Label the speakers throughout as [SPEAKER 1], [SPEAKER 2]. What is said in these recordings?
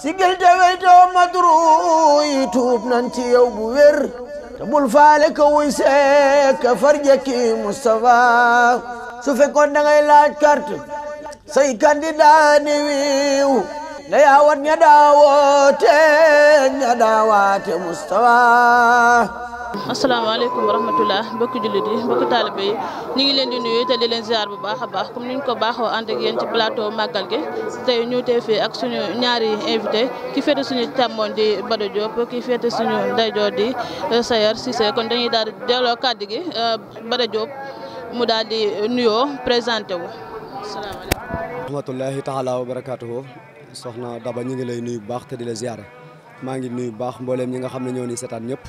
[SPEAKER 1] sigil te weytoo madru yi tuub nan ci bu wér te bul faale ka wuy seek farjëkki Moustapha su fekkoon da ngay laaj carte say candidat wiiw na yaawat ña
[SPEAKER 2] daawoote ña asalaamaaleykum wa rahmatulah mbokki jullit yi mbokki taalibe yi ñu ngi leen di nuyu te di leen ziar bu baax a baax comme ni ñu ko baaxoo ànd ak yéen ci plateau màggal gi tey ñu tee fii ak suñu ñaari invité ki féete suñu càmmoñ di Bada Diop ki féete suñu ndeyjoor di euh, Sayar Cissé kon dañuy daal di delloo kàddu gi euh, Bada Diop mu daal di nuyoo présenté wu.
[SPEAKER 1] asalaamaaleykum. rahmatulahi taala wa barakaatuhu soxna Daba ñu ngi lay nuyu bu baax te di la ziar maa ngi nuyu baax mbooleem ñi nga xam ne ñoo ni seetaan ñëpp.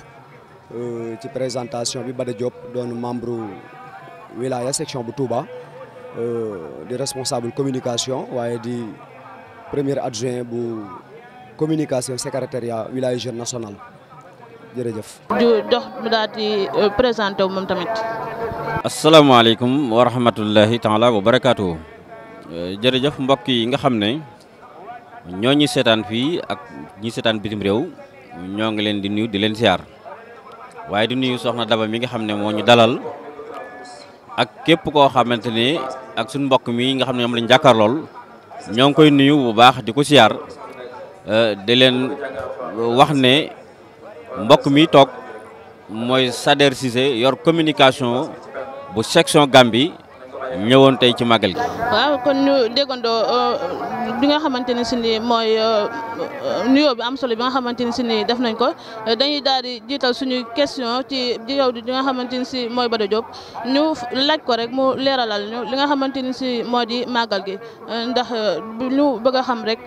[SPEAKER 1] Euh, ci présentation bi Bada Diop doon membre wilaya section bu Touba euh, di responsable communication waaye di premier adjoint bu communication secrétariat wilaya jeune national jërëjëf.
[SPEAKER 2] ju dox mu daal di euh, wu moom tamit.
[SPEAKER 3] asalaamaaleykum wa rahmatullahi taala wa barakaatu. jërëjëf mbokk yi nga xam ne ñoo ñi seetaan fii ak ñi seetaan bitim réew ñoo ngi leen di nuyu di leen siyaar. waaye di nuyu soxna Daba mi nga xam ne moo ñu dalal ak képp koo xamante ne ak suñu mbokk mi nga xam ne moom lañ jàkkaarlool ñoo ngi koy nuyu bu baax di ko siyaar euh, di leen wax ne mbokk mi toog mooy Sader Cissé yor communication bu section Gambie ñëwoon tey ci màggal gi.
[SPEAKER 2] waaw kon ñu déggandoo euh, bi nga xamante ne si ni mooy euh, euh, nuyoo bi am solo bi nga xamante ne si nii def nañ ko dañuy daal di jiital suñuy question ci yow di nga xamante ne si mooy Bada Diop ñu laaj ko rek mu leeralal ñu li nga xamante ne si moo di màggal gi ndax ñu bëgg a xam rek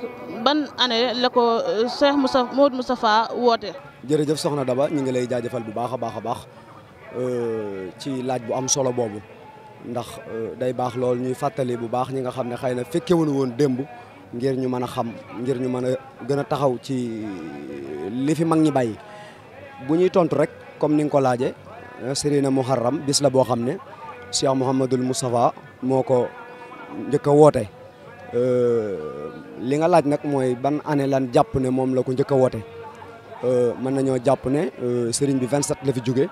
[SPEAKER 2] ban année la ko Cheikh Moussa Modou Moustapha woote.
[SPEAKER 1] jërëjëf soxna Daba ñu ngi lay jaajëfal bu baax a baax a baax ci laaj bu am solo boobu. ndax euh, day baax loolu ñuy fàttali bu baax ñi nga xam ne xëy na fekkewuñu woon démb ngir ñu mën a xam ngir ñu mën a gën a taxaw ci euh, li fi mag ñi bay bu ñuy tontu rek comme ni nga ko laaje euh, Sirina Muharram bis la boo xam ne Cheikh Mouhamadul Moustapha moo ko njëkk a woote li nga laaj nag mooy ban année lan jàpp ne moom la ko njëkk a woote mën nañoo jàpp ne sëriñ bi 27 la fi jóge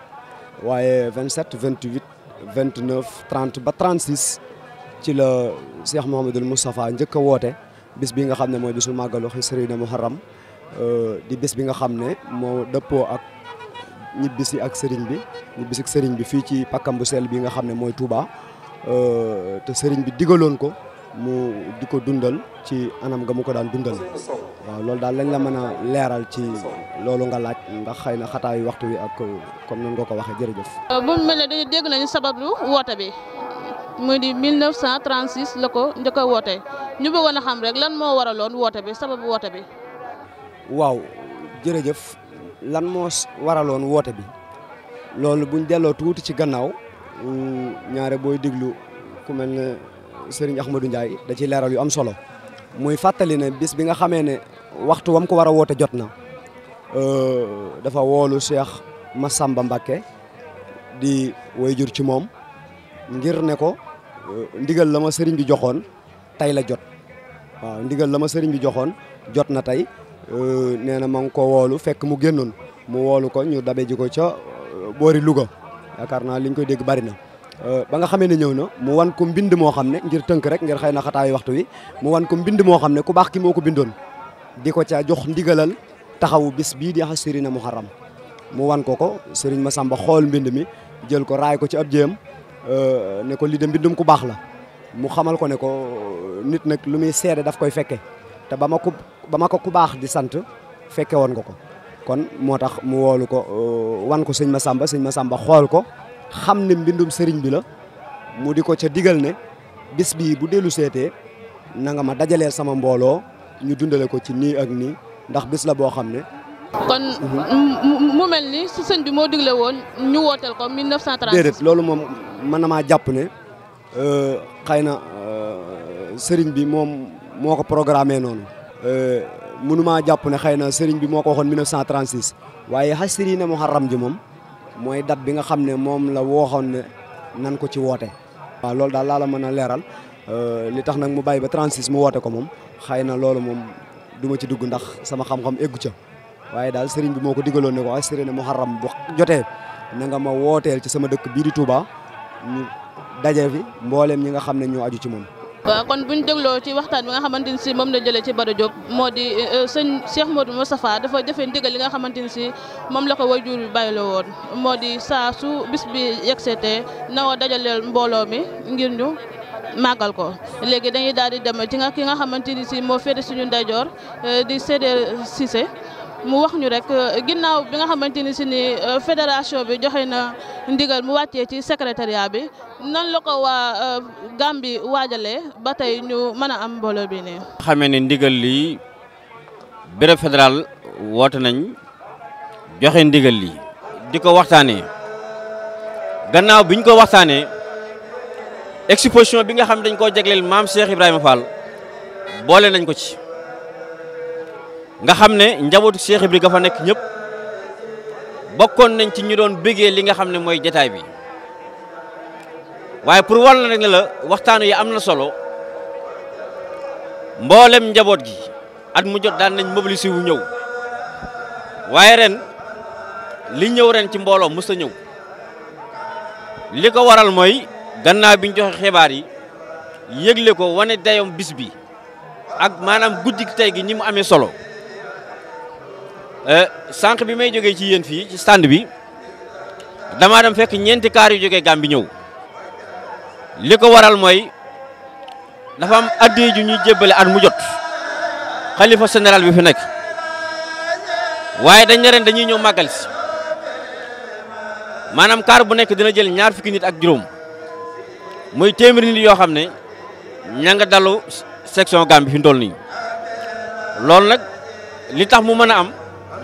[SPEAKER 1] waaye 27 28 vingt neuf trente ba trente six ci la Cheikh Mouhamadul Moustapha njëkk a woote bis bi nga xam ne mooy bisu màggalu Xisrina Muharram euh, di bis bi nga xam ne moo dëppoo ak ñibbisi ak sëriñ bi ñibbisi sëriñ bi fii ci pakkam bu seel bi nga xam ne mooy Touba euh, te sëriñ bi digaloon ko mu di ko dundal ci anam nga mu ko daan dundal. waaw loolu daal lañ la mën a leeral ci loolu nga laaj ndax xëy na xataa waxtu wi ak comme nan nga ko waxee jërëjëf.
[SPEAKER 2] Euh, bu mu mel ne dégg nañu sabablu woote bi muy di 1936 la ko njëkk a woote ñu bëggoon a xam rek lan moo waraloon woote bi sababu woote bi.
[SPEAKER 1] waaw jërëjëf lan moo waraloon woote bi loolu buñ delloo tuuti ci gannaaw mm, ñaare booy déglu ku mel ne Serigne Ahmadou Ndiaye da ci leeral yu am solo. muy fàttali ne bis bi nga xamee ne waxtu wam ko war a woote jot na euh, dafa woolu Cheikh Massamba Mbacké di jur ci moom ngir ne ko euh, ndigal la ma sëriñ bi joxoon tey la jot waaw ndigal la ma sëriñ bi joxoon jot na tey euh, nee na ma ngi woolu fekk mu génnoon mu woolu ko ñu dabe ji ko ca boori Louga yaakaar naa liñ koy dégg bari na Euh, ba nga xamé ne ñëw na mu wan ko mbind mo xamné ngir teunk rek ngir xeyna xataay waxtu wi mu wan ko mbind mo xamné ku bax ki moko bindoon di ca jox ndigalal taxawu bis bi di asirina muharram mu wan ko ko serigne Masamba xol mbind mi jël ko raay ko ci abjeem euh ne ko li de mbindum ku bax la mu xamal ko ne ko euh, nit nek lu muy sédé daf koy fekke te bama ko bama ko ku bax di sante fekke won nga ko kon motax mu wolu ko euh, wan ko serigne Masamba serigne Masamba xol ko xamne mbindum serigne bi la mu diko ca digal ne bis bi bu delu sété na nga ma dajalé sama mbolo ñu dundalé ko ci ni ak ni ndax bis la bo xamne
[SPEAKER 2] kon mu melni ni su sëñ bi mo diglé won ñu ko 1930 dedet lolu mom,
[SPEAKER 1] mën na ne euh xayna euh, serigne bi mom moko ko programmé noonu euh, mënu maa ne xëy serigne bi moko ko 1936 waye hasrina na muharram ji mom mooy date bi nga xam ne moom la wooxoon ne nan ko ci woote. waaw loolu daal laa la mën a leeral euh, li tax nag mu bàyyi ba 36 mu woote ko moom xëy na loolu moom duma ci dugg ndax sama xam-xam eggu ca waaye daal sëriñ bi moo ko digaloon ne ko assuré ne muharram bu jotee na nga ma wooteel ci sama dëkk bii di Touba ñu daje fi mbooleem ñi nga xam ne ñoo aju ci moom.
[SPEAKER 2] waaw kon bu ñu dégloo ci waxtaan bi nga xamante ni si moom la jëlee ci Bada moo di euh, euh, sëñ Cheikh Modou Moustapha dafa jëfee ndigal li nga xamante ni si moom la ko waajur bi bàyyi la woon moo di saa su bis bi yegsetee nawa dajaleel mbooloo mi ngir ñu màggal ko léegi dañuy daal di dem ci nga ki nga xamante ni si moo féete suñu ndeyjoor euh, di Sédé Cissé mu wax ñu rek euh, ginnaaw bi nga xamante ni si ni euh, fédération bi joxe na ndigal mu wàccee ci secrétariat bi nan la ko waa euh, Gàmbi waajale ba tey ñu mën a am mbooloo bi ne
[SPEAKER 3] xamee ne ndigal lii bureau fédéral woote nañ joxe ndigal lii di ko waxtaanee gannaaw bi ñu ko waxtaanee exposition bi nga xam dañ koo jagleel maam Cheikh Ibrahima Fall boole nañ ko ci nga xam ne njabootu Cheikh Ibra ga nekk ñëpp bokkoon nañ ci ñu doon béggee li nga xam ne mooy jataay bi waaye pour war la ne la waxtaan yi am na solo mboolem njaboot gi at mu jot daan nañ mobiliser wu ñëw waaye ren li ñëw ren ci mbooloo mu a ñëw li ko waral mooy gannaaw bi ñu joxe xibaar yi yëgle ko wane dayom bis bi ak maanaam guddi tey gi ni mu amee solo Euh, sànq bi may jógee ci yéen fii ci sand bi damaa fekk ñeenti kaar yu jógee Gàmbi ñëw li ko waral mooy dafa am addee ju ñuy jébbale at mu jot xalifa général bi fi nekk waaye dañ ne dañuy ñëw màggal si maanaam kaar bu nekk dina jël ñaar fukki nit ak juróom mooy téeméeri nit yoo xam ne ña nga dalu section Gàmbi fi ndool nii loolu nag li tax mu mën a am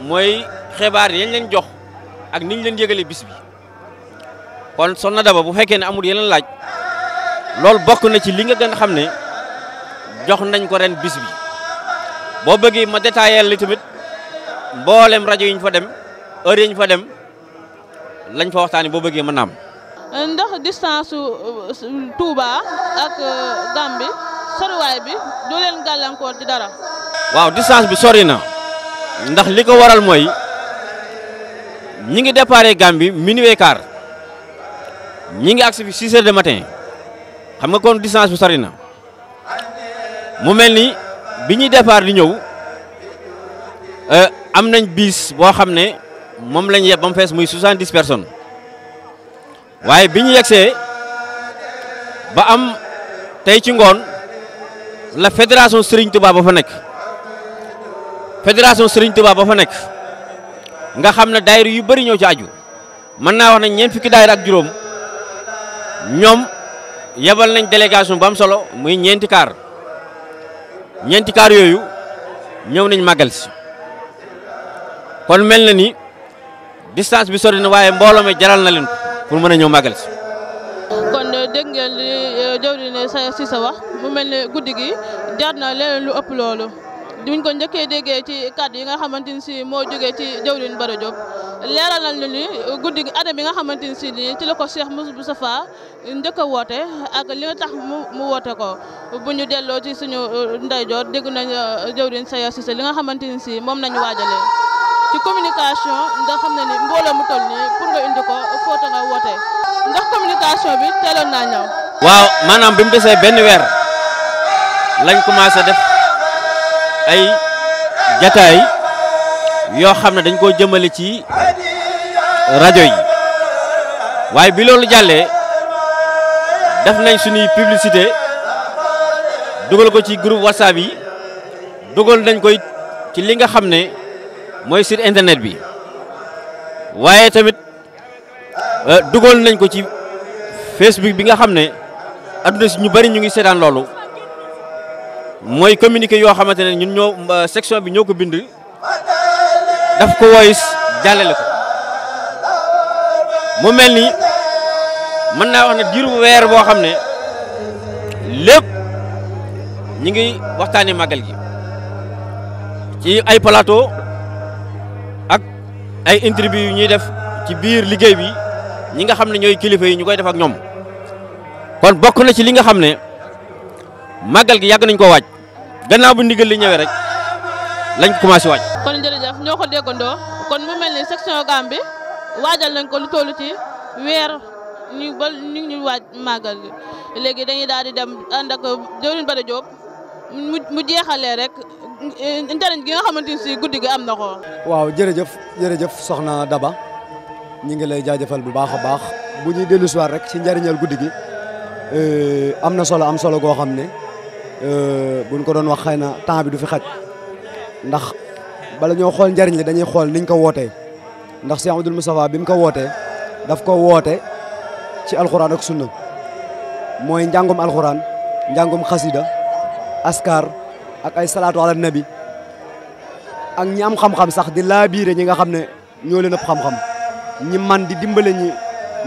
[SPEAKER 3] mooy xibaar yañ leen jox ak niñ leen yëgalee bis bi kon Soxna Daba bu fekkee ne amul yeneen laaj loolu bokk na ci li nga gën a xam ne jox nañ ko ren bis bi boo bëggee ma détaillé li tamit mboolem rajo yi fa dem heure fa dem lañ fa waxtaanee boo bëggee mën naam
[SPEAKER 2] ndax distance su Touba ak euh, Gambie soriwaay bi doo leen dara.
[SPEAKER 3] waaw distance bi sori ndax li ko waral mooy ñi ngi déparé Gambie minuit et quart ñi ngi agsi fi 6 heures xam nga kon distance bu sori na mu mel ni bi ñuy départ di ñëw euh, am nañ biis boo xam ne moom lañ yeb ba mu fees muy 70 personnes waaye bi ñu yegsee ba am tey ci ngoon la fédération Serigne Touba ba fa nekk. fédération Serigne Touba ba fa nekk nga xam ne daayira yu bëri ñoo ci aju mën naa wax ne ñeent fukki daayira ak juróom ñoom yebal nañ délégation bu am solo muy ñeenti kaar ñeenti kaar yooyu ñëw nañ màggal kon mel na ni distance bi sori na waaye mbooloo mi jaral na leen pour mën a ñëw màggal si.
[SPEAKER 2] kon dégg ngeen li eh, jawriñ ne sa si mu mel ne guddi gi na leen lu ëpp loolu. duñ ko ñëkke déggé ci kàddu yi nga xamanteni ci si joggé ci jawlin Bara Diop léral nañ ni guddi adam yi nga xamanteni ci si ci lako cheikh Cheikh Moustapha njëkk a woté ak li tax mu mu ko buñu ñu ci suñu uh, jor dégg nañ uh, jëwlin Saya Cissé li nga xamanteni ci si moom wajalé ci communication nga xam ni mbolo mu toll ni pour nga indi ko foto nga woté ndax communication bi teeloon naa ñëw
[SPEAKER 3] waaw manam bimu mu desee benn lañ commencé def ay jataay yoo xam ne dañ koo jëmale ci rajo yi waaye bi loolu jàllee def nañ suñuy publicité dugal ko ci groupe whatsapp yi dugal nañ koy ci li nga xam ne mooy sur internet bi waaye tamit euh, dugal nañ ko ci facebook bi nga xam ne adduna si ñu bari ñu ngi seetaan loolu mooy communiqué yoo xamante ne ñun ñoo euh, section bi ñoo ko bind daf ko woyis jàllale ko mu mel ni mën naa wax ne diiru weer boo xam ne lépp ñi ngi waxtaani màggal gi ci ay plateau ak ay interview yu ñuy def ci biir liggéey bi ñi nga xam ne ñooy kilifa yi ñu koy def ak ñoom kon bokk na ci li nga xam ne. magal gi yag nañ ko wajj gannaaw bu ndigal li ñëwé rek lañ commencé wajj
[SPEAKER 2] kon jërëjëf ñoo ko kon mu melni section Gambie wajjal nañ ko lu toll ci weer ñu ba ñu ñu waaj màggal gi légui dañuy daal di dem and ak jëwriñ bari Diop mu jéxalé rek internet gi nga xamanteni ci si am na
[SPEAKER 1] waaw jërëjëf soxna Daba ñi ngi lay jaajëfal bu baaxa baax bu ñuy dellu si rek ci ndariñal guddigu gi euh, solo am solo go xamne Euh, buñ ko doon wax xëy na temps bi du fi xaj ndax bala ñoo xool njariñ li dañuy xool niñ ko wootee ndax Cheikh Amadou Moustapha bi mu ko wootee daf ko woote ci alxuraan ak sunna mooy njàngum njàngum xasida askar ak ay salaatu ala ak ñi am xam-xam sax di laa biire ñi nga xam ne ñoo leen ëpp xam-xam ñi man di dimbale ñi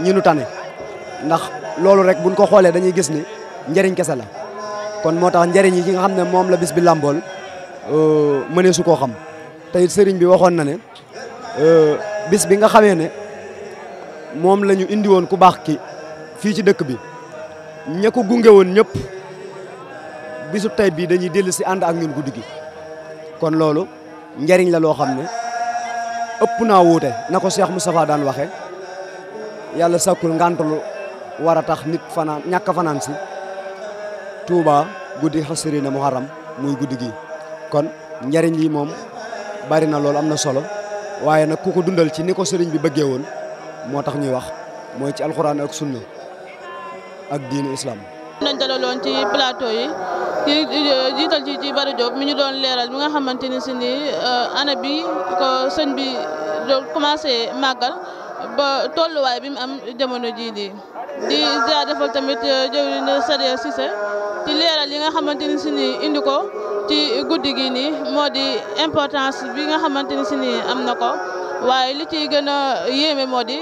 [SPEAKER 1] ñi nu ndax loolu rek buñ ko xoolee dañuy gis ni njariñ kese la kon moo tax njariñ yi nga xam ne moom la bis bi làmbool euh, mënee su koo xam te sëriñ bi waxoon na ne euh, bis bi nga xamee ne moom lañu ñu indi woon ku baax ki fii ci dëkk bi ña ko gunge woon ñëpp bisu tey bii dañuy dellu si ànd ak ñun guddi gi kon loolu njariñ la loo xam ne ëpp naa wuute na ko Cheikh Moustapha daan waxe yàlla sakkul ngàntalu war a tax nit fanaan fanaan si Touba guddi mu muharram muy guddi gi kon njariñ yi moom bari na loolu am na solo waaye nag ku dundal ci ni ko sëriñ bi bëggee woon moo tax ñuy wax mooy ci alxuraan ak sunna ak diini islam.
[SPEAKER 2] nañ dalaloon ci plateau yi ci ci Bara Diop mi ñu doon leeral mi nga xamante ni si ni euh, ana bi ko sëñ bi doon commencé màggal tolluwaay bi am jamono jii nii di ja defal tamit euh, jëwriñ Sadia Cissé di leeral li nga xamante ni si ni indi ci guddi gi ni moo di importance bi nga xamante ni si ni am na ko waaye li ciy gën a yéeme moo di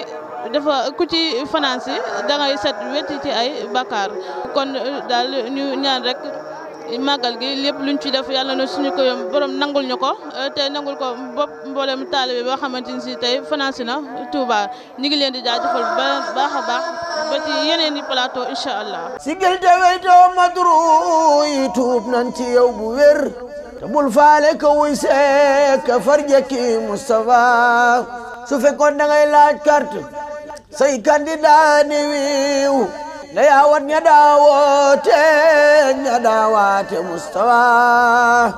[SPEAKER 2] dafa ku ci fanaan si da set wécc ci ay bakkaar kon daal ñu ñaan rek. màggal gi lépp luñ ci def yàlla na suñu ko yom borom nangul ñu ko euh, te nangul ko mboole mu taalibe boo xamante ni si tey financé na Touba ñu ngi leen di jaajëfal ba baax a baax ba yeneen i plateau incha allah. sigil
[SPEAKER 1] te weytoo madru yi tuub nan ci yow bu wér te bul faale ko wuy seek farjëkki Moustapha su fekkoon da ngay laaj carte say candidat wiiw na yawon ya dawo te ya dawa eh, te eh, mustawa